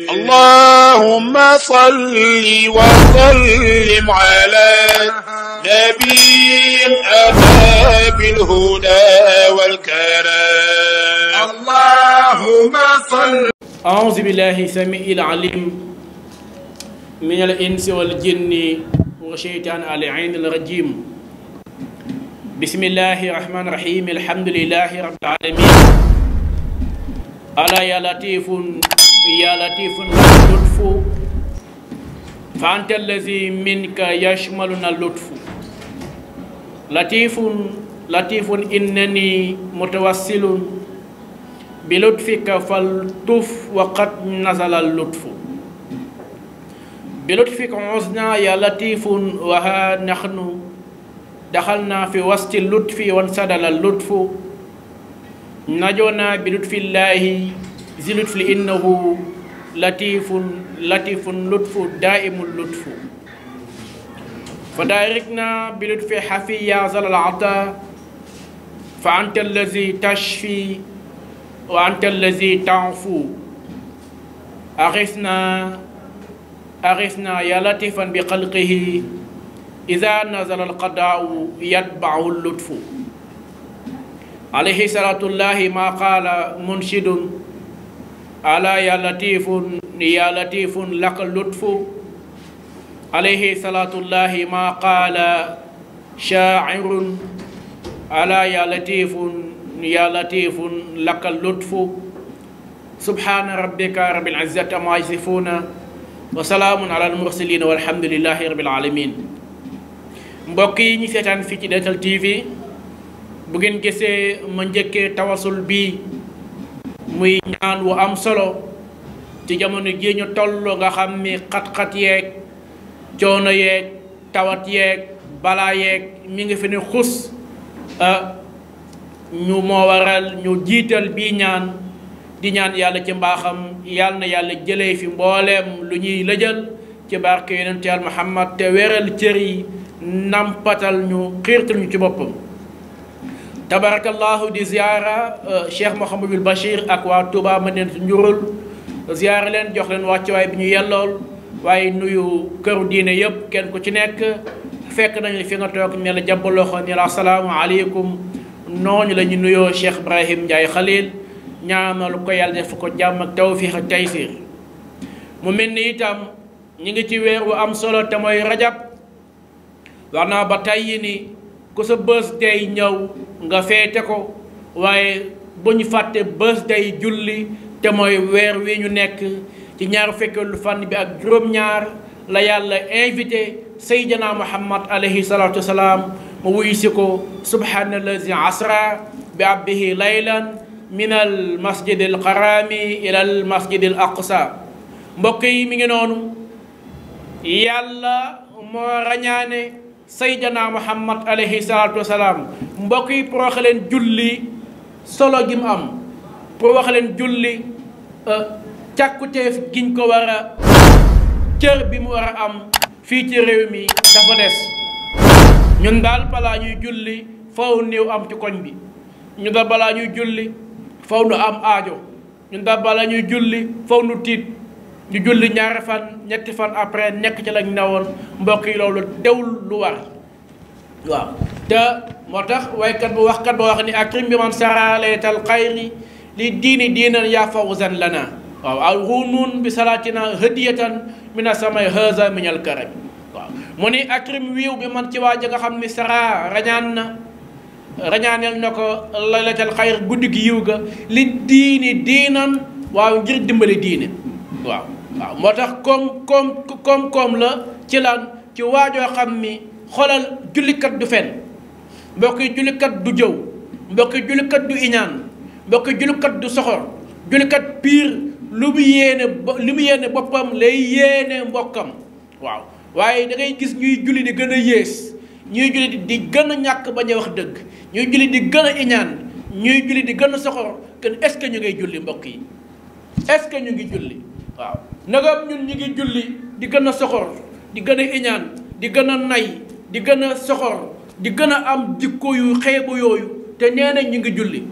اللهم صل وسلم على نبي أباب بالهدى والكرم اللهم صل أعوذ بالله سميع العليم من الإنس والجن وشيطان العين الرجيم بسم الله الرحمن الرحيم الحمد لله رب العالمين ألا يا لطيف يا لطيف لطف فأنت الذي منك يشملنا اللطف لطيف لطيف إنني متوسل بلطفك فالطف وقد نزل اللطف بلطفك عزنا يا لطيف وها نحن دخلنا في وسط اللطف وانسدل اللطف نجونا بلطف الله ذي لطف إنه لطيف لطيف لطف دائم اللطف فداركنا بلطف حفي يا زل العطاء فأنت الذي تشفي وأنت الذي تعفو أغثنا أغثنا يا لطيفا بخلقه إذا نزل القضاء يتبع اللطف عليه صلاة الله ما قال منشد ala ya latifun ya latifun lak lutfu alayhi salatullahi ma qala sha'irun ala ya latifun ya latifun lak lutfu سبحان ربك رب العزة ما يصفون وسلام على المرسلين والحمد لله رب العالمين mbokk yi ñu seetaan fii ci Detal TV bu ngeen gisee ma njëkkee tawasul bii muy ñaan wu am solo ci jamono ji ñu toll nga xam ni xat-xat yeeg coono yeeg tawat yeeg balaa yeeg mi nga fi ne xus ah, ñu moo waral ñu jiital bi ñaan di ñaan yàlla ci mbaaxam yàlla na yàlla jële fi mbooleem lu ñuy lëjal ci barke yonent yàlla Muhammad te wéral cër yi nampatal ñu xiirtal ñu ci boppam tabarakallahu di ziara Cheikh Mouhamadul Bachir ak waa Touba ma neen njurul ziara leen jox leen wàccuwaay bi ñu yellool waaye nuyu këru diine yëpp kenn ku ci nekk fekk nañu fi nga toog ne la jàpp loxo ne la asalaamaaleykum la ñu nuyoo Cheikh Ibrahim Ndiaye Khalil ñaanal ko yàlla def ko jàmm ak tawfiix ak taysir mu mel itam ñu ngi ci weer wu am solo te mooy rajab wax batayini ku sa birthday ñëw nga feete ko waaye bu fàtte fàtte birthday julli te mooy weer wi ñu nekk ci ñaar fekkeelu fànn bi ak juróom-ñaar la yàlla invité sayyidina muhammad alayhi salaatu wasalaam mu wuyu si ko subhaanallazi asra bi abdihi laylan min al masjid al xaraami al masjid al mbokk yi mi ngi noonu yàlla moo rañaane saydana muhammad alayhi salaatu salaam mbokk yi pour wax leen julli solo gi mu am pour wax leen julli euh, càkkuteef giñ ko war a cër bi mu war a am fii ci réew mi dafa des ñun daal balaa ñuy julli faw néew am ci koñ bi ñu daal balaa ñuy julli faw nu am aajo ñun daal balaa ñuy julli faw nu tiit ñu julli ñaari fan ñetti fan après nekk ci lañ newoon mbokk yi loolu dewul lu war waaw te moo tax waykat bu waxkat ba wax ni akrim bi man saraleetal xayri li diini diinan yaa fawzan lana waaw aw runuun bi salaatina hadiyatan mina samay haza minal karam waaw mu ni akrim wiiw bi man ci waa nga xam ni sara rañaan na rañaaneel na ko laylatal xayr guddi gi yiw ga li diini diinan waaw ngir dimbali diine waaw waaw moo tax koom koom koom koom la ci lan ci waajoo xam mi xoolal jullikat du fen mbokki jullikat du jëw mbokki jullikat du iñaan mbokki jullikat du soxor jullikat piir lu mu yéene lu mu yéene boppam lay yéene mbokkam waaw waaye dangay gis ñuy julli di gën a yées ñuy julli di gën a ñàkk ba ñuy wax dëgg ñuy julli di gën a iñaan ñuy julli di gën a soxor kën est-ce que ñu ngay julli mbokk yi est-ce que ñu ngi julli waaw nagam ñun ñi ngi julli di gën a soxor di gën a iñaan di gën a nay di gën a soxor di gën a am jikko yu xeebu yooyu te nee nañ ñu ngi julli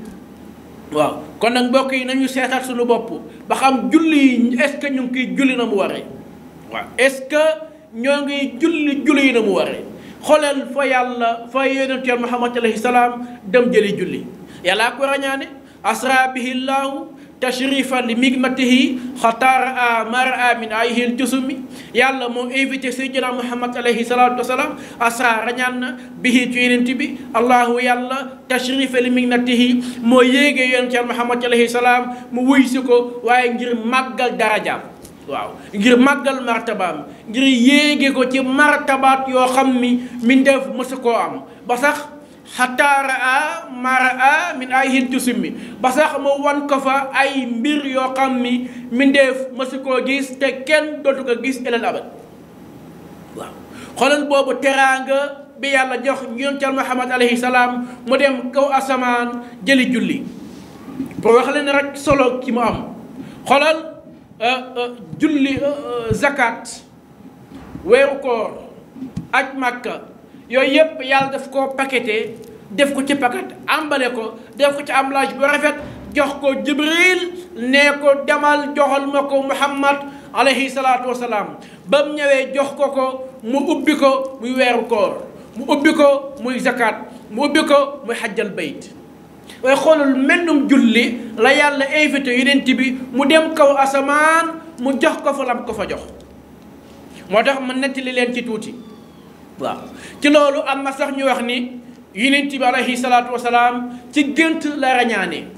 waaw kon nag mbokk yi nañu seetaat suñu bopp ba xam julli yi est-ce que ñu ngi julli na mu waree waaw est-ce que ñoo ngi julli yi na mu waree xoolal fa yàlla fa yonent Muhammad alayhi dem jëli julli yàllaa ko rañaane asra bihi llaahu tashrifa li migmatihi xataara a mara a min ay hil jusumi yàlla moo invité sayyidina muhammad alayhi salaatu wasalaam asa rañaan na bihi ci yonent bi allahu yàlla tashrifa li migmatihi moo yéegee yonent yàlla muhammad alayhi salaam mu wuy si ko waaye ngir màggal darajaam waaw ngir màggal martabaam ngir yéege ko ci martabaat yoo xam ni mi ndef mësu koo am ba sax xataa raa maa raa min ay hintu simmi ba sax mu wan ko fa ay mbir yoo xam ni mbindeef mësu koo gis te kenn dootu ko gis ilal abad waaw xoolal boobu teraanga bi yàlla jox yonental Muhammad alayhi salaam mu dem kaw asamaan jëli julli pour wax leen rek solo ki mu am xoolal euh, euh, julli euh, zakat weeru koor aj Màkka yooyu yëpp yàlla daf koo paqueté def ko ci paquet àmbale ko def ko ci emballage bu rafet jox ko Jibril ne ko demal joxal ma ko Muhammad alayhi salaatu wa salaam ba mu jox ko ko mu ubbi ko muy weeru koor mu ubbi ko muy zakat mu ubbi ko muy xajjal bayt waaye xoolal mennum julli la yàlla invité yonent bi mu dem kaw asamaan mu jox ko fa lam ko fa jox moo tax ma nettali leen ci tuuti waaw ci loolu am na sax ñu wax ni yonent bi alayhi salaatu wasalaam ci gént la rañaane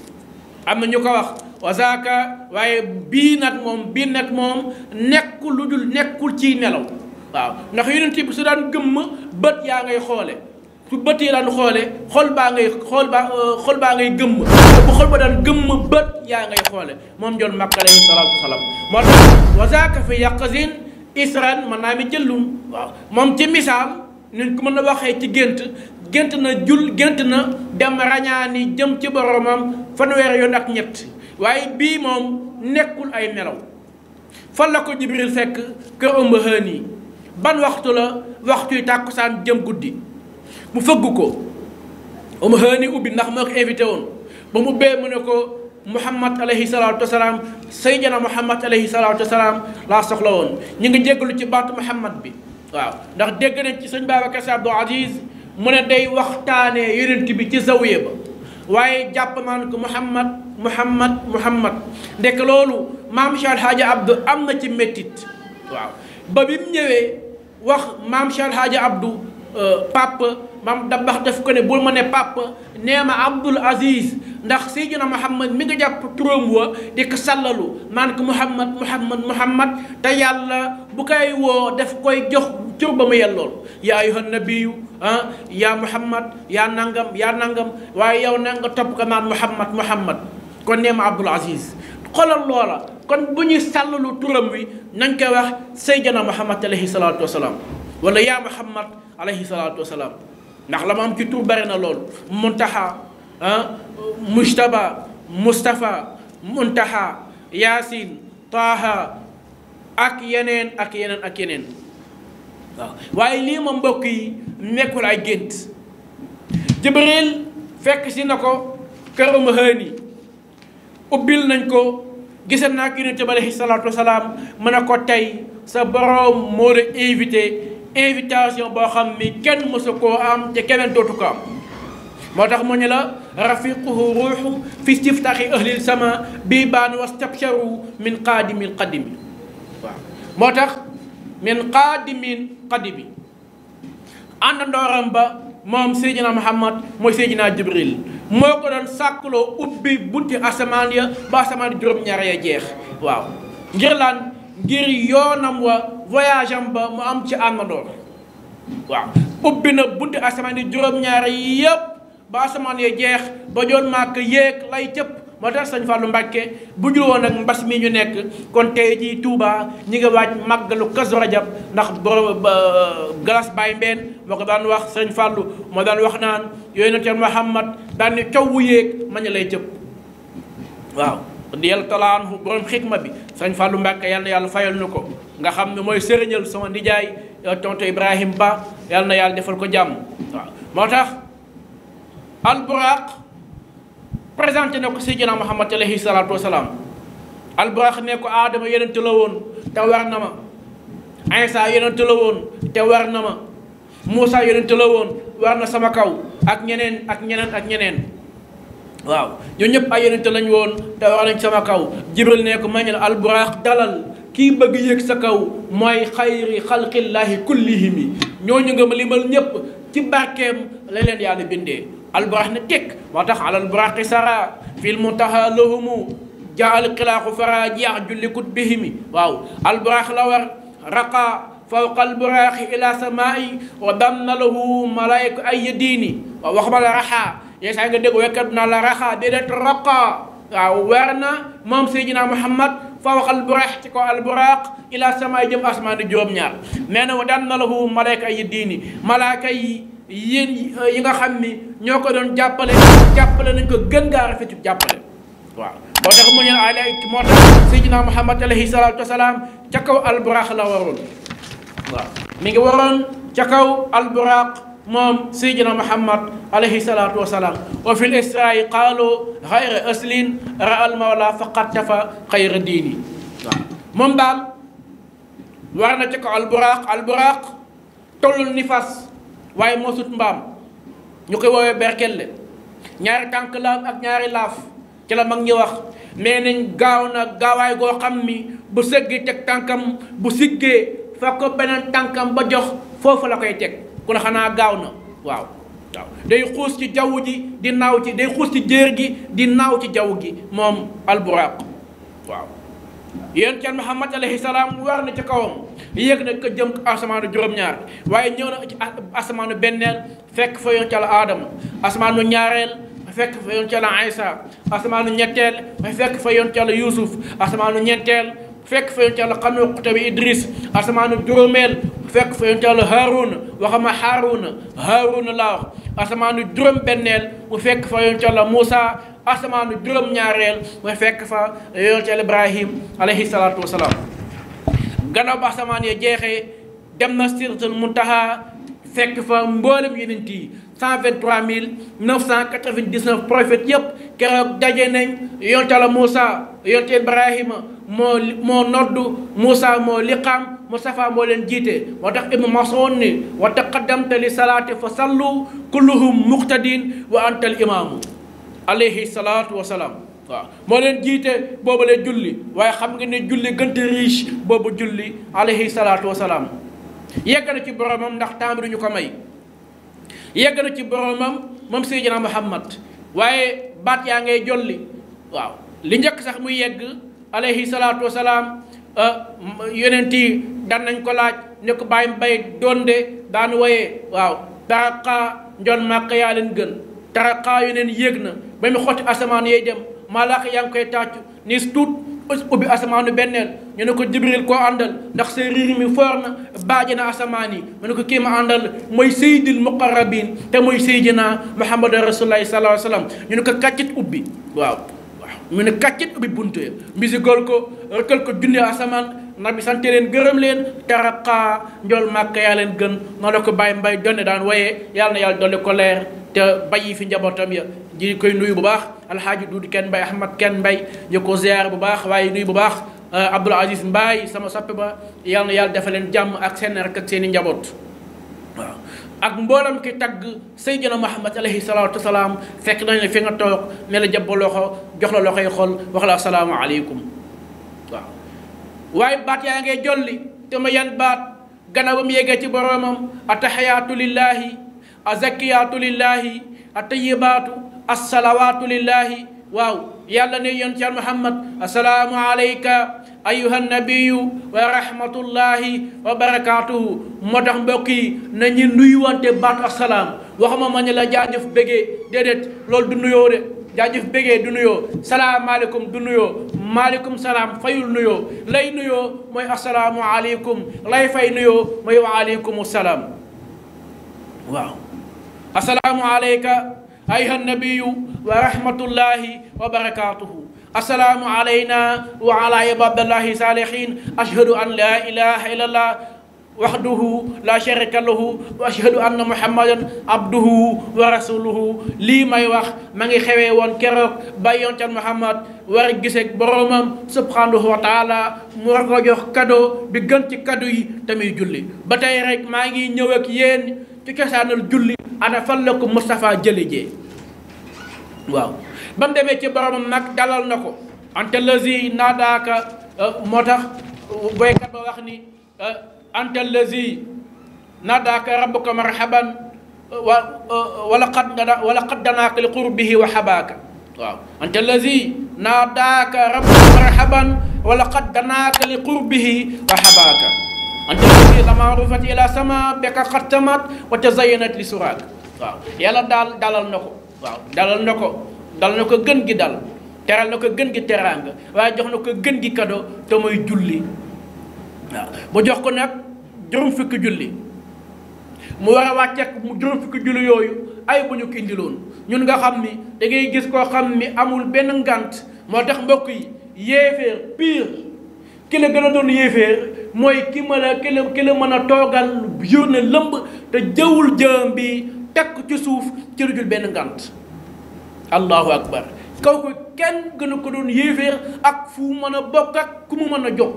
am na ñu ko wax wazaaka waaye bii nag moom bii nag moom nekkul lu dul nekkul ci nelaw waaw ndax yonent bi su daan gëmm bët yaa ngay xoole su bët yi daan xoole xol baa ngay xool baa euh, xol baa ngay gëmm bu xol ba daan gëmm bët yaa ngay xoole moom joon makk alayhi salaatu wasalaam wazaaka fi yaqazin israan mën naa mi jëllum waaw moom ci misaal nit ku mën a waxee ci gént gént na jul gént na dem rañaani jëm ci boromam fanweer yoon ak ñett waaye bii moom nekkul ay nelaw fan la ko jibril fekk kër ëmb umm xën ban waxtu la waxtuy tàkkusaan jëm guddi mu fëgg ko ëmb umm xën ubbi ndax moo ko invité woon ba mu bee mu ne ko muhammad alayhi salaatu wasalaam sayyidina muhammad alayhi salaatu wasalaam laa soxla woon ñu ngi jéggalu ci baatu muhammad bi waaw ndax dégg nañ ci sëñ Babacar Sy Abdou Aziz mu ne day waxtaanee yonent bi ci zawiya ba waaye jàpp maan ko muhammad muhammad muhammad ndekk loolu maam Cheikh Hadja Abdou am na ci mettit waaw ba bi mu ñëwee wax maam Cheikh Hadja Abdou euh, papa maam dabax def ko ne bul ma ne papa nee ma Abdoul Aziz ndax Seydina Muhammad mi nga jàpp turam wa di ko sàllalu naan ko Muhammad Muhammad Muhammad te yàlla bu koy woo def koy jox cër ba mu yellool yaa ayyuhan nabiyyu ah yaa Muhammad yaa nangam yaa nangam waaye yow na nga topp ko naan Muhammad Muhammad kon nee ma Abdul Aziz xoolal loola kon bu ñuy sàllalu turam wi nañ koy wax Seydina Muhammad alayhi salaatu wa salaam wala yaa Muhammad alayhi salaatu wa salaam ndax la ma am ci tur bari na loolu muntaha ah mujtaba mustafa muntaha yaasin taaha ak yeneen ak yeneen ak yeneen waaye lii ma mbokk yi nekkul ay gént jibril fekk si na ko kër uma haani ubbil nañ ko gisal naa ak yonente bi aleyhi salaatu wasalaam mën a ko tey sa boroom moo la invité invitation boo xam ni kenn mësu koo am te keneen dootu ko am moo tax mu ne la rafiquhu ruuxu fi istiftaxi ahlil sama bii baan wastabsharu min qaadimin qadimi waaw moo tax min qaadimin qadimi ànd ba moom Seydina Muhammad mooy Seydina Jibril moo ko doon sàkkloo ubbi bunti asamaan ya ba asamaan ya jeex waaw ngir laan ngir yoonam wa voyage ba mu am ci àndandoor waaw ubbi na bunti asamaan yi juróom-ñaar yépp ba asamaan yee jeex ba joon màkk yéeg lay cëpp moo tax sañ Fallou Mbàkke bu jul woon ak mbas mi ñu nekk kon tey jii Touba ñi nga waaj màggalu Kazu Rajab ndax borom galas Baye Mbeen moo ko daan wax sëñ Fallou moo daan wax naan yooyu na teen Muhammad daan ni coow wu yéeg mañu lay cëpp waaw yàlla talaan borom xikma bi sëñ Fallou Mbàkke yàlla yàlla fayal nu ko nga xam ne mooy sëriñal sama nijaay tonto Ibrahim Ba yàlla na yàlla defal ko jàmm waaw moo tax alburaq présenté na ko Seydina Muhammad alayhi salaatu wasalaam alburaq ne ko aadama yonent la woon te war na ma Insa yonent la woon te war na ma Moussa yonent la woon war na sama kaw ak ñeneen ak ñeneen ak ñeneen waaw ñoo ñëpp ay yonent lañ woon te war nañ sama kaw Jibril ne ko mañel alburaq dalal kii bëgg yéeg sa kaw mooy xayri xalqillaahi kullihimi ñooñu nga ma limal ñëpp ci barkeem la leen yàlla bindee alburax ne tekk moo tax alal buraxi sara fil mu taxa lahumu jaal xilaaxu fara jeex jullikut bihimi waaw alburax la war raqa fawqa alburaxi ila samaa'i wa damna lahu malaayku ay yadiini waaw waxuma la raxaa yees nga dégg waaw weer na moom Muhammad fawqa alburax ila samaa'i jëm asmaan di juróom-ñaar nee na wa damna ay yadiini malaayka yi Euh, yi nga xam ni ñoo ko doon jàppale jàppale nañ ko gën ngaa rafetu jàppale waaw moo tax mu ne alay moo tax sayyidina Muhammad alayhi salaatu wasalaam ca kaw alburaax la waroon waaw mi ngi waroon ca kaw alburaax moom sayyidina Muhammad alayhi salaatu wasalaam wa fil israa'i qaalu xayra aslin ra'al mawla faqad tafa xayra diini moom daal war na ca kaw alburaax alburaax tollul ni waaye moo sut mbaam ñu koy woowee berkelle ñaari tànk laaf ak ñaari laaf ci la mag ñi wax nee nañ gaaw na gaawaay goo xam ni bu sëggee teg tànkam bu siggee fa ko beneen tànkam ba jox foofu la koy teg ku ne xanaa gaaw na waaw waaw day xuus ci jaww ji di naaw ci day xuus ci jéer gi di naaw ci jaww gi moom alburaaq waaw yéen ca Muhammad alayhi salaam war na ci kawam yéeg na ko jëm asamaanu juróom-ñaar waaye ñëw na ci asamaanu benneel fekk fa yoon ca la aadama asamaanu ñaareel fekk fa yoon ca la Aysa fa yoon ca la Yuusuf asamaanu ñetteel fekk fa yoon ca la Xanuux te bi Idris asamaanu juróomeel fekk fa yoon ca la Haaruna waxama Haaruna Haaruna laa asamaanu juróom-benneel mu fekk fa yoon ca la Muusa asamaanu juróom-ñaareel mooy fekk fa yoon ci Ibrahim alayhi salatu wasalaam gannaaw ba asamaan ya jeexee dem na Siratul Muntaha fekk fa mboolem yonent yi 123999 prophète yépp keroog daje nañ yoon ci Moussa yoon ci ibrahim moo moo noddu Moussa moo liqaam مصطفى مولن جيتي jiite ابن tax وتقدمت Mas'ud فصلوا كلهم مقتدين وأنت الإمام alayhi salaatu wasalaam waaw moo leen jiite booba leen julli waaye xam nga ne julli gënte riche boobu julli alayhi salaatu wasalaam yegg na ci boromam ndax temps bi ko may yegg na ci boromam moom Seydina Muhammad waaye baat yaa ngay jolli waaw li njëkk sax mu yegg alayhi salaatu wasalaam euh, yonent yi dan nañ ko laaj ne ko bàyyi bay donde daan woyee waaw taraqa njoon màkk yaa leen gën taraqa yeneen yéeg na ba xotti asamaan yooyu dem malaaka yaa ngi koy tàccu niis tuut ubbi asamaanu benneel ñu ne ko jibril koo àndal ndax sa riir mi foor na baaje na asamaan yi mu ne ko kii àndal mooy seydil muqarrabin te mooy seydina muhammadu rasulullahi sallallahu alayhi wasallam ñu ne ko kàccit ubbi waaw waaw mu ne kàccit ubbi buntu ya mbisigol ko rëkkal ko junne asamaan bi sante leen gërëm leen taraqaa njool màkk yaa leen gën moo la ko bàyyi mbay donne daan waaye yàlla na yàlla dolli ko leer te yi fi njabootam ya ji koy nuyu bu baax alxaaji Duudu kenn mbay Ahmad kenn mbay ñu ko ziyaar bu baax waaye nuyu bu baax euh, Abdoul Aziz Mbaye sama soppe ba yàlla na yàlla defal leen jàmm ak seen rek ak seen i njaboot waaw ak mboolam ki tagg Seydina Muhammad alayhi salaatu fekk nañ la fi nga toog ne la loxo jox la loxoy xol wax la asalaamu aleykum waaye baat yaa ngay jolli te ma yan baat gannaaw ba ci boroomam ataxiyaatu lillaahi azakiyaatu lillaahi attayibaatu assalawaatu lillahi waaw yàlla ne yoon ci muhammad assalaamu alayka ayuha nabiyu wa rahmatullahi moo tax mbokk yi nañu nuyuwante baatu assalaam waxuma ma ne la jaajëf bégee déedéet loolu du nuyoo de jaajëf bégee du nuyoo salaamaaleykum du nuyoo maaleykum salaam fayul nuyoo lay nuyoo mooy assalaamu aleykum lay fay nuyoo mooy wa aleykum salaam assalaamu alayka ayha nabiyu wa rahmatullahi wa barakatuhu assalaamu alayna wa ala ibadillahi salihin ashhadu an la ilaha illallah waxduhu la sharika lahu wa ashhadu anna muhammadan abduhu wa rasuluhu lii may wax ma ngi xewee woon keroog ba yontan muhammad war a giseeg boroomam subhanahu wa taala mu war ko jox cadeau bi gën ci cadeau yi tamit julli ba tey rek maa ngi ñëw ak yéen ci cosaanal julli ana fan la ko Moustapha jële jee waaw ba mu demee ci boromam nag dalal na ko anta lazi naadaaka moo tax boykat ba wax ni anta lazi naadaaka rabbuka marhaban wala qad wala qad danaaka li qurbihi wa habaaka waaw anta lazi naadaaka rabbuka marhaban wala qad danaaka li qurbihi wa habaaka anta wasila maarufat sama beka xattamat wa tazayanat yàlla daal dalal na ko waaw dalal na ko dal na ko gën gi dal na ko gën gi teraanga waaye jox na ko gën gi kado te mooy julli waaw jox ko nag juróom fukki julli mu war a wàcce mu juróom fukki julli yooyu ay bu ñu ko ñun nga xam ni da ngay gis koo xam ni amul benn ngant moo tax mbokk yi yéeféer pire ki la gën a doon yéeféer mooy ki mën a ki la ki la mën a toogal yónne lëmb te jëwul jëm bi tekk ci suuf ci rujul benn ngant allahu akbar kaw ko kenn gën a ko doon yéeféer ak fu mën a bokk ak ku mu mën a jokk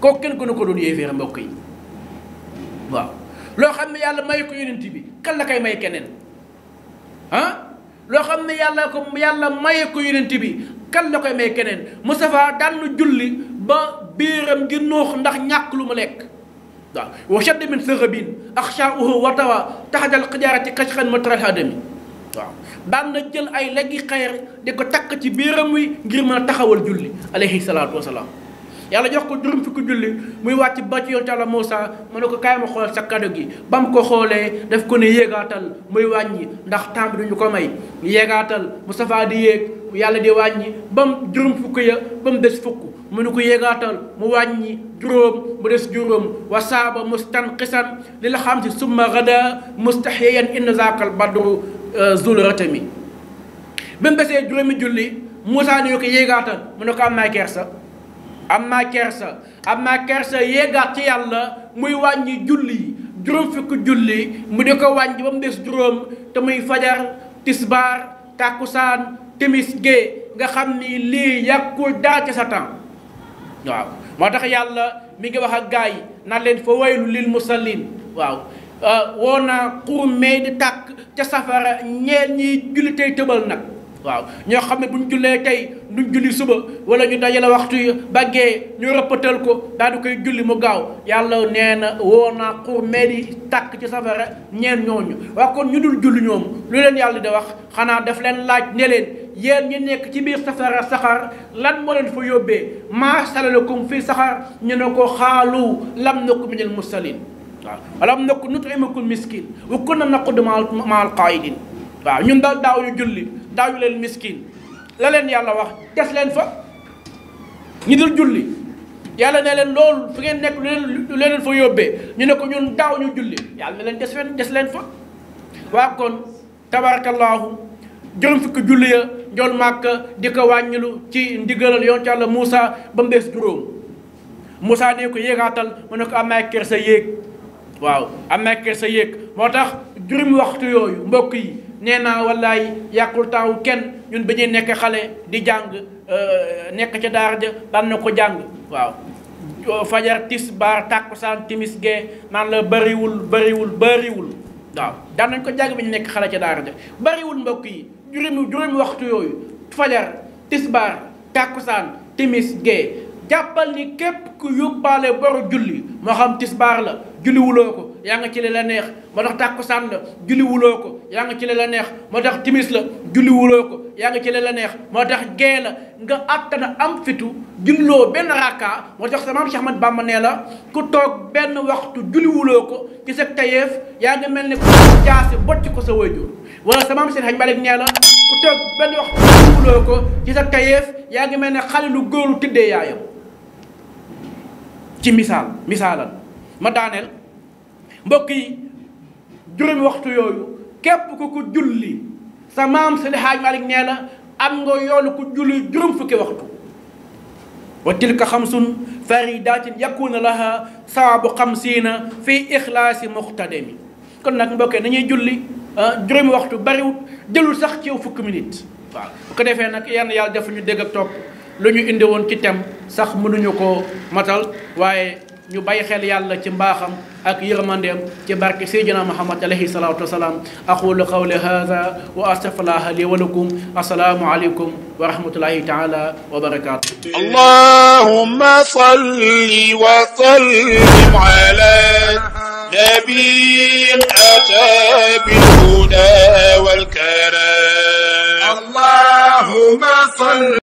koo kenn gën a ko doon yéeféer mbokk yi waaw loo xam ne yàlla may ko yonent bi kan la koy may keneen ah loo xam ne yàlla ko yàlla maye ko yonent bi kan la koy may keneen Moustapha daan na julli ba biiram gi nuux ndax ñàkk lu mu lekk waaw wa shadda min sërabin axshauhu wa tawa taxadal xijaarati xasxan ma adami waaw daan na jël ay leggi xeer di ko takk ci biiram wi ngir mën a taxawal julli alayhi salaatu wasalaam yàlla jox ko juróom fukki julli muy wàcc ba ci yoon Yàlla Moussa mu ne ko kaay ma xool sa kado gi ba mu ko xoolee daf ko ne yéegaatal muy wàññi ndax temps bi duñu ko may yéegaatal Moustapha yàlla di wàññi ba mu juróom fukk ya ba mu des fukk mu ne ko yéegaatal mu wàññi juróom mu des juróom wasaaba mustanqisan li la xam si summa gada mustaxiyan inna zaakal badru euh, zul ratami ba mu desee juróomi julli Moussa ne ko yéegaatal mu ne ko am naa kersa am naa kersa am naa kersa yéegaat ci yàlla muy wàññi julli yi juróom fukk julli mu di ko wàññi ba mu des juróom te muy fajar tisbaar tàkkusaan timis gee nga xam ni lii yàqul daa ci sa temps waaw moo tax yàlla mi ngi wax ak gaa yi naan leen fa waylu lil musallin waaw euh, woo naa xurmee di tàkk ca safara ñeel ñiy julli tey tëbal nag waaw ñoo xam ne bu ñu jullee tey duñ julli suba wala ñu dajale waxtu yi baggee ñu rëppatal ko daal koy julli mu gaaw yàlla nee na woo naa xurmee di tàkk ca safara ñeen ñooñu waaw kon ñu dul julli ñoom lu leen yàlla di wax xanaa daf leen laaj ne yéen ñi nekk ci biir safara saxar lan moo leen fa yóbbee maa salalakum fii saxar ñu ne ko xaalu lam naku min al musallin waaw lam naku nut'imukum miskin wa kunna naqudu ma al qaidin waaw ñun daal daaw ñu julli daaw ñu leen miskin la leen yàlla wax des leen fa ñi dul julli yàlla ne leen loolu fi ngeen nekk lu leen fa yóbbee ñu ne ko ñun daaw ñu julli yàlla ne leen des leen des leen fa waa kon tabarakallahu juróom fukki julli ya njool màkk di ko wàññilu ci ndigalal yoon ci Yàlla Moussa ba mu des juróom Moussa ne ko yéegaatal mu ne ko am naa kersa yéeg waaw am naa kersa yéeg moo tax juróomi waxtu yooyu mbokk yi nee naa wallaay yàqul taawu kenn ñun ba ñuy nekk xale di jàng euh, nekk ca daara ja daan na ko jàng waaw fajar tis baar tàkkusaan timis gee naan la bariwul bariwul bariwul waaw daan nañ ko jàng ba ñu nekk xale ca daara ja bariwul mbokk yi juróomi juróomi waxtu yooyu fajar tisbaar tàkkusaan timis gee jàppal ni képp ku yóbbaale boru julli moo xam tisbaar la julli ko yaa nga ci li la neex moo tax tàkkusaan la julli ko yaa nga ci la neex moo tax timis la julli ko yaa nga ci li la neex moo tax gee la nga àttana am fitu julloo benn rakka moo tax sa maam Cheikh Ahmad Bamba nee la ku toog benn waxtu julli ko ci sa tayeef yaa ngi mel ni ku jaase bocc ko sa waajur wala sa maam seen xaj Malick nee na ku toog benn xale lu góor tëddee misaal misaalal ma daaneel mbokk yi juróomi waxtu yooyu képp ku ko julli sa maam seen xaj Malick nee na am nga yoolu ku julli juróom fukki waxtu wa tilka xamsun faridatin yakuna laha sawaabu xamsiina fi ixlaasi muxtadami kon nag mbokk nañuy julli Ah, juróomi waxtu bariwut jëlul sax ci yow fukki minutes waaw bu ko defee nag yenn yàlla def ñu dégg ak topp lu ñu indi woon ci tem sax mënuñu ko matal waaye ñu bay xel yàlla ci mbaaxam ak yërmandeem ci barke Seydina Muhammad alayhi salaatu wasalaam aqulu qawli hada wa astaghfirullaha li wa lakum assalaamu aleykum wa rahmatullahi taala wa barakaatu allahumma salli wa sallim ala نبي أتى بالهدى والكرم اللهم صل